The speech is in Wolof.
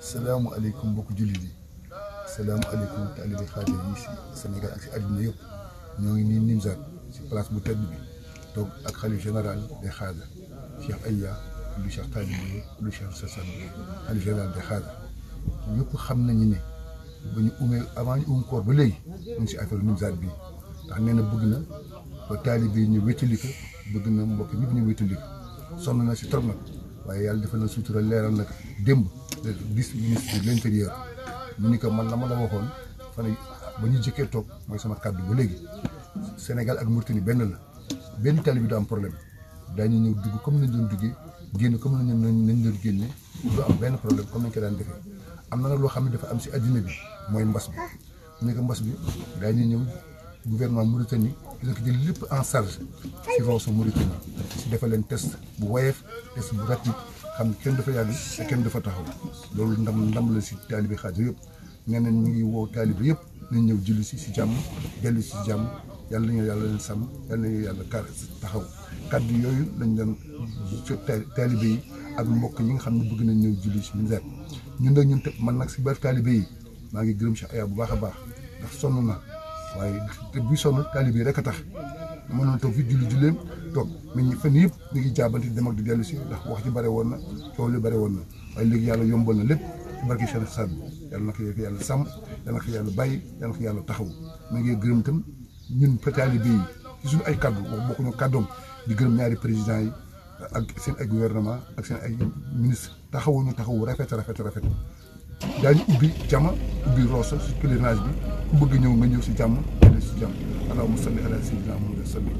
salaamualeykum mbokku jullit yi salaamualeykum taalibe xaadir yi si Sénégal ak si àddina yëpp ñoo ngi nii Nimzaat si place bu tedd bi toog ak xalif général des xaadir Cheikh Aya lu Cheikh Taalib lu Cheikh Sassane xalif général des xaadir ñëpp xam nañu ne bu ñu umee avant ñu um koor ba léegi ñu ngi si affaire Nimzaat bii ndax nee na bëgg na ba taalibe yi ñu wétali ko bëgg na mbokk ñëpp ñu wétali ko sonn na si trop nag. waaye yàlla defal na sutura leeral nag démb vice ministre de l'intérieur mu ni ko man la ma la waxoon fan ba ñuy jëkkee toog mooy sama kàddu ba léegi Sénégal ak Mauritanie benn la benn tali bi du am problème daañu ñëw dugg comme nañ doon duggee génn comme nañ nañ doon génne du am benn problème comme nañ ko daan defee am na nag loo xam ne dafa am si addina bi mooy mbas bi mu ne mbas bi daañu ñëw gouvernement Mauritanie dina ko jël lépp en charge subvention Mauritanie si defal leen test bu woyef test bu rapide xam ne kenn dafa yàgg te kenn dafa taxaw loolu ndam ndam la si taalibe xaaja yëpp nee ñu ngi woo taalibe yëpp nañ ñëw julli si si jàmm dellu si jàmm yàlla nañu yàlla leen sàmm yàlla nañu yàlla kar taxaw kàddu yooyu lañ leen jot taalibe yi ak mbokk yi nga xam ne bëgg nañ ñëw julli si Minzaat ñun nag ñun te man nag si bari taalibe yi maa ngi gërëm Cheikh Aya bu baax a baax sonn na waaye te buy sonn taali bi rek a tax mënoon toog fi julli julleem toog mais ñi fan yëpp ñu ngi jaabante dem ak di dellu si ndax wax ci bare woon na coow li bare woon na waaye léegi yàlla yombal na lépp ci barke Cheikh Saad Bou na ko yàlla sàmm yàlla na ko yàlla bàyyi yàlla na taxaw ma ngi gërëm tam ñun taalibe yi ci suñu ay kaddu wax bokkuñu kaddoom di gërëm ñaari président yi ak seen ay gouvernement ak seen ay ministre taxawuñu taxawu rafet rafet rafet daañu ubbi jama ubbi roosa si pèlerinage bi ku bëgg ñëw nga ñëw si jàmm nga ñëw si jàmm allahumma salli ala sayyidina Muhammad salli